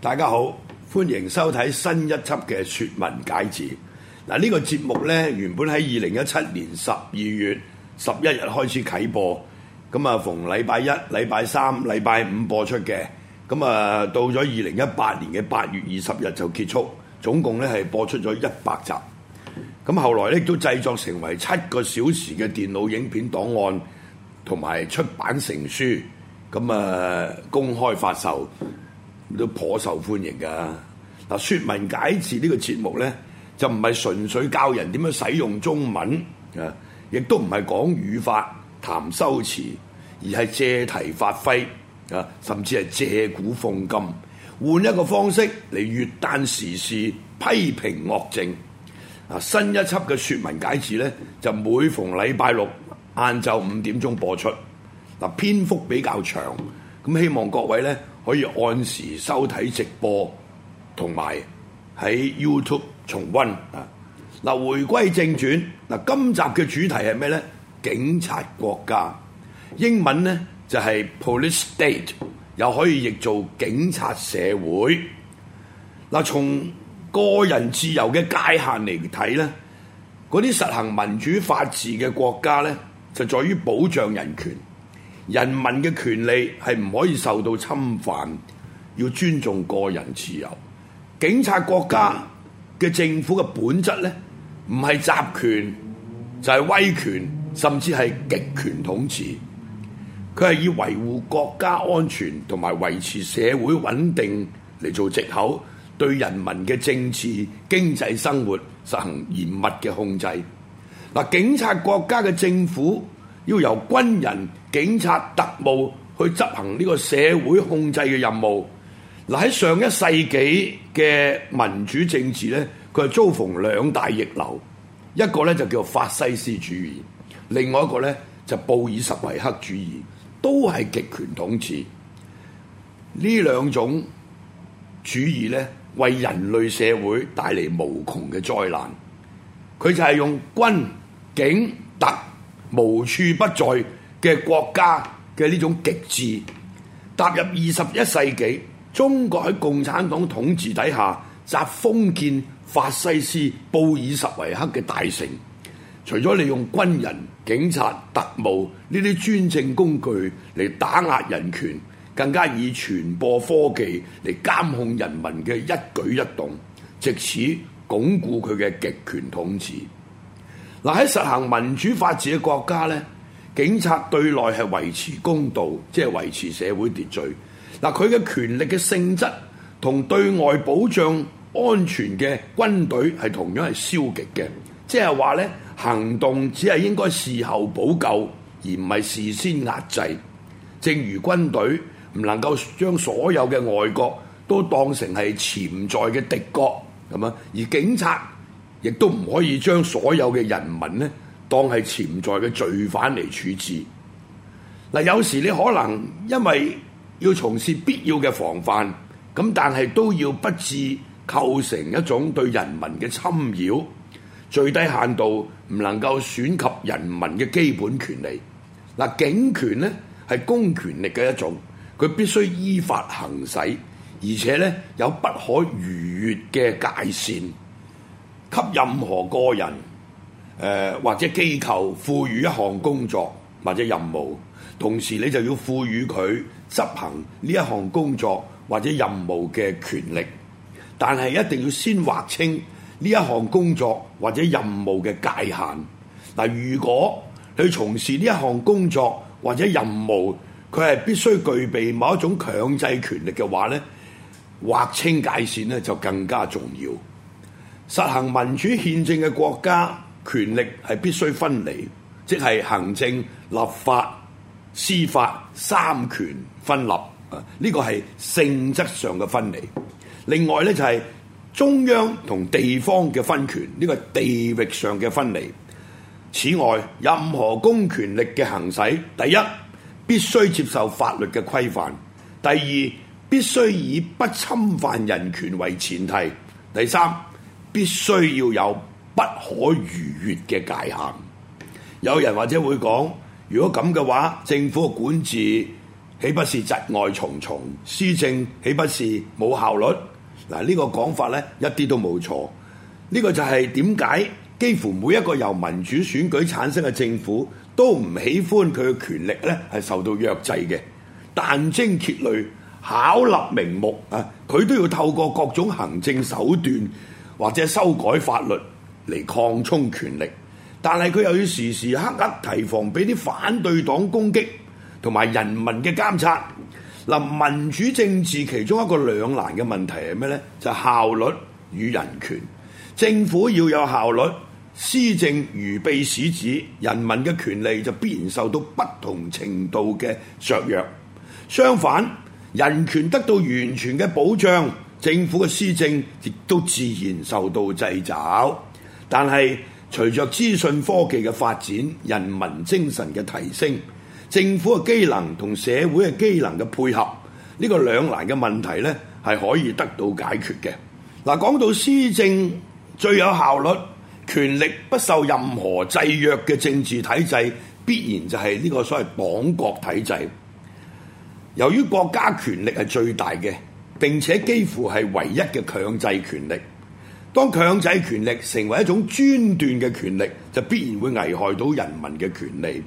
大家好，歡迎收睇新一輯嘅《說文解字》。嗱、這個，呢個節目呢原本喺二零一七年十二月十一日開始啟播，咁啊逢禮拜一、禮拜三、禮拜五播出嘅。咁啊到咗二零一八年嘅八月二十日就結束，總共呢係播出咗一百集。咁後來呢都製作成為七個小時嘅電腦影片檔案，同埋出版成書，咁啊公開發售。都頗受歡迎㗎、啊。嗱，説文解字呢個節目呢，就唔係純粹教人點樣使用中文啊，亦都唔係講語法、談修辭，而係借題發揮啊，甚至係借古諷今，換一個方式嚟月旦時事、批評惡政。啊，新一輯嘅説文解字呢，就每逢禮拜六晏晝五點鐘播出。嗱、啊，篇幅比較長，咁、啊、希望各位呢，可以按時收睇直播，同埋喺 YouTube 重温啊！嗱，回歸正傳，嗱、啊，今集嘅主題係咩咧？警察國家，英文咧就係、是、Police State，又可以譯做警察社會。嗱、啊，從個人自由嘅界限嚟睇咧，嗰啲實行民主法治嘅國家咧，就在於保障人權。人民嘅權利係唔可以受到侵犯，要尊重個人自由。警察國家嘅政府嘅本質呢，唔係集權，就係威權，甚至係極權統治。佢係以維護國家安全同埋維持社會穩定嚟做藉口，對人民嘅政治經濟生活實行嚴密嘅控制。嗱，警察國家嘅政府。要由軍人、警察、特務去執行呢個社會控制嘅任務。嗱，喺上一世紀嘅民主政治咧，佢係遭逢兩大逆流，一個咧就叫法西斯主義，另外一個咧就布爾什維克主義，都係極權統治。呢兩種主義咧，為人類社會帶嚟無窮嘅災難。佢就係用軍警特。無處不在嘅國家嘅呢種極致，踏入二十一世紀，中國喺共產黨統治底下，集封建、法西斯、布爾什維克嘅大成。除咗利用軍人、警察、特務呢啲專政工具嚟打壓人權，更加以傳播科技嚟監控人民嘅一舉一動，藉此鞏固佢嘅極權統治。嗱，喺實行民主法治嘅國家咧，警察對內係維持公道，即係維持社會秩序。嗱，佢嘅權力嘅性質同對外保障安全嘅軍隊係同樣係消極嘅，即係話咧，行動只係應該事後補救，而唔係事先壓制。正如軍隊唔能夠將所有嘅外國都當成係潛在嘅敵國咁樣，而警察，亦都唔可以將所有嘅人民呢當係潛在嘅罪犯嚟處置。嗱、啊，有時你可能因為要從事必要嘅防範，咁但係都要不致構成一種對人民嘅侵擾，最低限度唔能夠損及人民嘅基本權利。嗱、啊，警權呢係公權力嘅一種，佢必須依法行使，而且呢有不可逾越嘅界線。給任何個人、誒、呃、或者機構賦予一項工作或者任務，同時你就要賦予佢執行呢一項工作或者任務嘅權力。但係一定要先劃清呢一項工作或者任務嘅界限。嗱、呃，如果你從事呢一項工作或者任務，佢係必須具備某一種強制權力嘅話咧，劃清界線咧就更加重要。實行民主憲政嘅國家，權力係必須分離，即係行政、立法、司法三權分立。啊，呢個係性質上嘅分離。另外咧就係中央同地方嘅分權，呢個係地域上嘅分離。此外，任何公權力嘅行使，第一必須接受法律嘅規範；第二必須以不侵犯人權為前提；第三，必須要有不可逾越嘅界限。有人或者會講：如果咁嘅話，政府嘅管治豈不是窒礙重重？施政豈不是冇效率？嗱、這個，呢個講法咧一啲都冇錯。呢個就係點解幾乎每一個由民主選舉產生嘅政府都唔喜歡佢嘅權力咧係受到約制嘅，殫精竭慮、巧立名目啊！佢都要透過各種行政手段。或者修改法律嚟擴充權力，但係佢又要時時刻刻提防俾啲反對黨攻擊同埋人民嘅監察。嗱，民主政治其中一個兩難嘅問題係咩呢？就係效率與人權。政府要有效率施政如臂使指，人民嘅權利就必然受到不同程度嘅削弱。相反，人權得到完全嘅保障。政府嘅施政亦都自然受到掣肘，但係隨着資訊科技嘅發展、人民精神嘅提升、政府嘅機能同社會嘅機能嘅配合，呢、這個兩難嘅問題咧係可以得到解決嘅。嗱、啊，講到施政最有效率、權力不受任何制約嘅政治體制，必然就係呢個所謂黨國體制。由於國家權力係最大嘅。並且幾乎係唯一嘅強制權力。當強制權力成為一種專斷嘅權力，就必然會危害到人民嘅權利。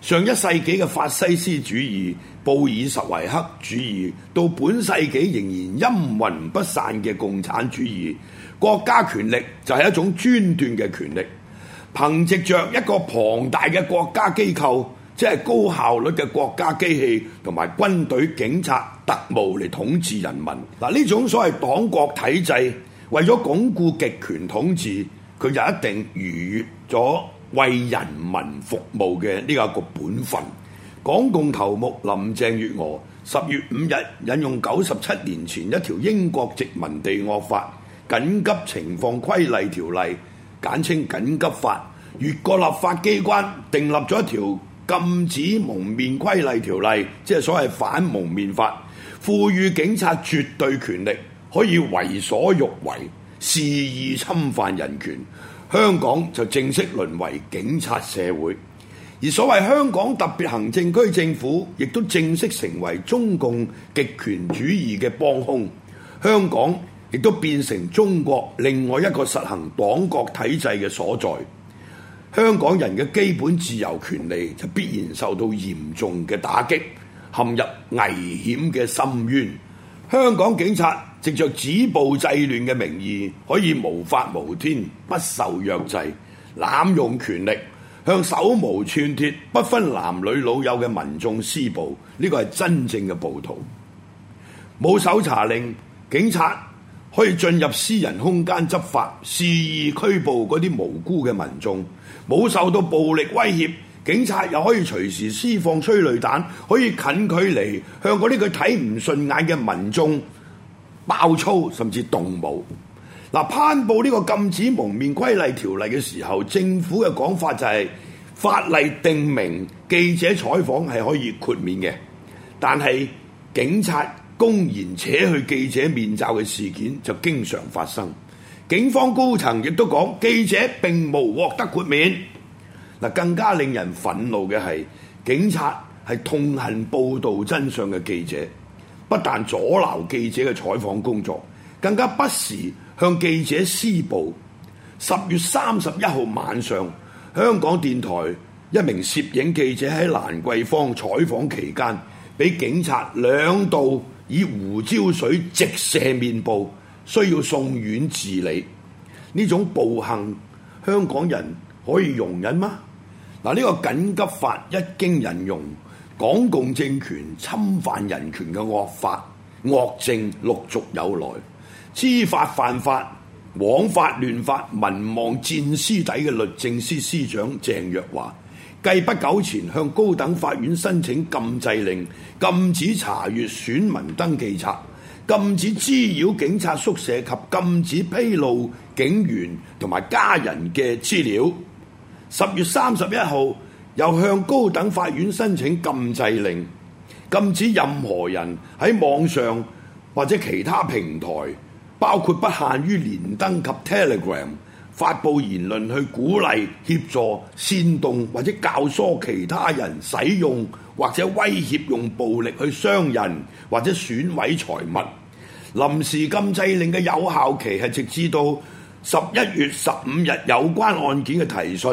上一世紀嘅法西斯主義、布爾什維克主義，到本世紀仍然陰魂不散嘅共產主義，國家權力就係一種專斷嘅權力，憑藉着一個龐大嘅國家機構。即係高效率嘅國家機器同埋軍隊、警察、特務嚟統治人民。嗱，呢種所謂黨國體制，為咗鞏固極權統治，佢就一定逾越咗為人民服務嘅呢個一個本分。港共頭目林鄭月娥十月五日引用九十七年前一條英國殖民地惡法《緊急情況規例條例》，簡稱《緊急法》，越過立法機關訂立咗一條禁止蒙面規例條例，即係所謂反蒙面法，賦予警察絕對權力，可以為所欲為，肆意侵犯人權。香港就正式淪為警察社會，而所謂香港特別行政區政府，亦都正式成為中共極權主義嘅幫兇。香港亦都變成中國另外一個實行黨國體制嘅所在。香港人嘅基本自由權利就必然受到嚴重嘅打擊，陷入危險嘅深淵。香港警察藉着止暴制亂嘅名義，可以無法無天、不受約制、濫用權力，向手無寸鐵、不分男女老幼嘅民眾施暴，呢個係真正嘅暴徒。冇搜查令，警察，可以進入私人空間執法，肆意拘捕嗰啲無辜嘅民眾，冇受到暴力威脅，警察又可以隨時施放催淚彈，可以近距離向嗰啲佢睇唔順眼嘅民眾爆粗，甚至動武。嗱，頒布呢個禁止蒙面規例條例嘅時候，政府嘅講法就係法例定明，記者採訪係可以豁免嘅，但係警察。公然扯去記者面罩嘅事件就經常發生，警方高層亦都講，記者並無獲得豁免。更加令人憤怒嘅係，警察係痛恨報導真相嘅記者，不但阻撓記者嘅採訪工作，更加不時向記者施暴。十月三十一號晚上，香港電台一名攝影記者喺蘭桂坊採訪期間，俾警察兩度。以胡椒水直射面部，需要送院治理，呢種暴行香港人可以容忍嗎？嗱，呢個緊急法一經引用，港共政權侵犯人權嘅惡法惡政陸續有來。知法犯法、枉法亂法、民望戰師底嘅律政司司長鄭若驊，繼不久前向高等法院申請禁制令，禁止查閱選民登記冊，禁止滋擾警察宿舍及禁止披露警員同埋家人嘅資料。十月三十一號又向高等法院申請禁制令，禁止任何人喺網上或者其他平台，包括不限於連登及 Telegram。發布言論去鼓勵、協助、煽動或者教唆其他人使用或者威脅用暴力去傷人或者損毀財物。臨時禁制令嘅有效期係直至到十一月十五日有關案件嘅提訊。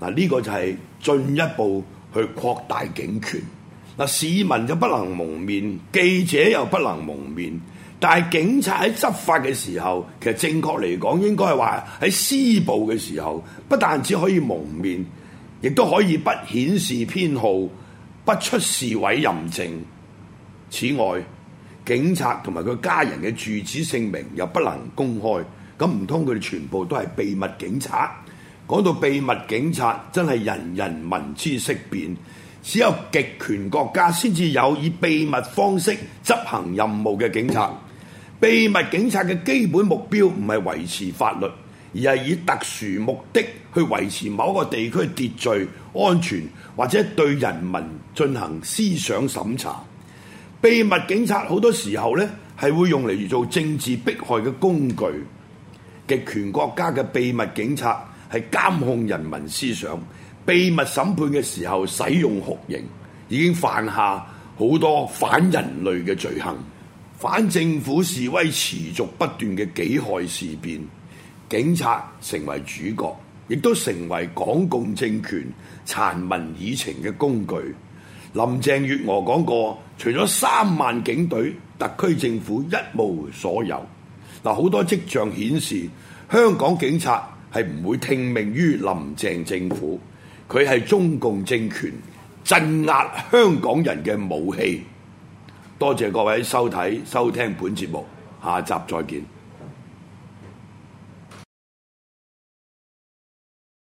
嗱，呢個就係進一步去擴大警權。嗱，市民就不能蒙面，記者又不能蒙面。但係警察喺執法嘅時候，其實正確嚟講應該係話喺施暴嘅時候，不但只可以蒙面，亦都可以不顯示編號，不出示委任證。此外，警察同埋佢家人嘅住址姓名又不能公開，咁唔通佢哋全部都係秘密警察？講到秘密警察，真係人人聞之色變，只有極權國家先至有以秘密方式執行任務嘅警察。秘密警察嘅基本目標唔係維持法律，而係以特殊目的去維持某個地區秩序、安全，或者對人民進行思想審查。秘密警察好多時候呢，係會用嚟做政治迫害嘅工具。極權國家嘅秘密警察係監控人民思想、秘密審判嘅時候使用酷刑，已經犯下好多反人類嘅罪行。反政府示威持續不斷嘅己亥事變，警察成為主角，亦都成為港共政權殘民以逞嘅工具。林鄭月娥講過，除咗三萬警隊，特區政府一無所有。嗱，好多跡象顯示，香港警察係唔會聽命於林鄭政府，佢係中共政權鎮壓香港人嘅武器。多謝各位收睇收聽本節目，下集再見。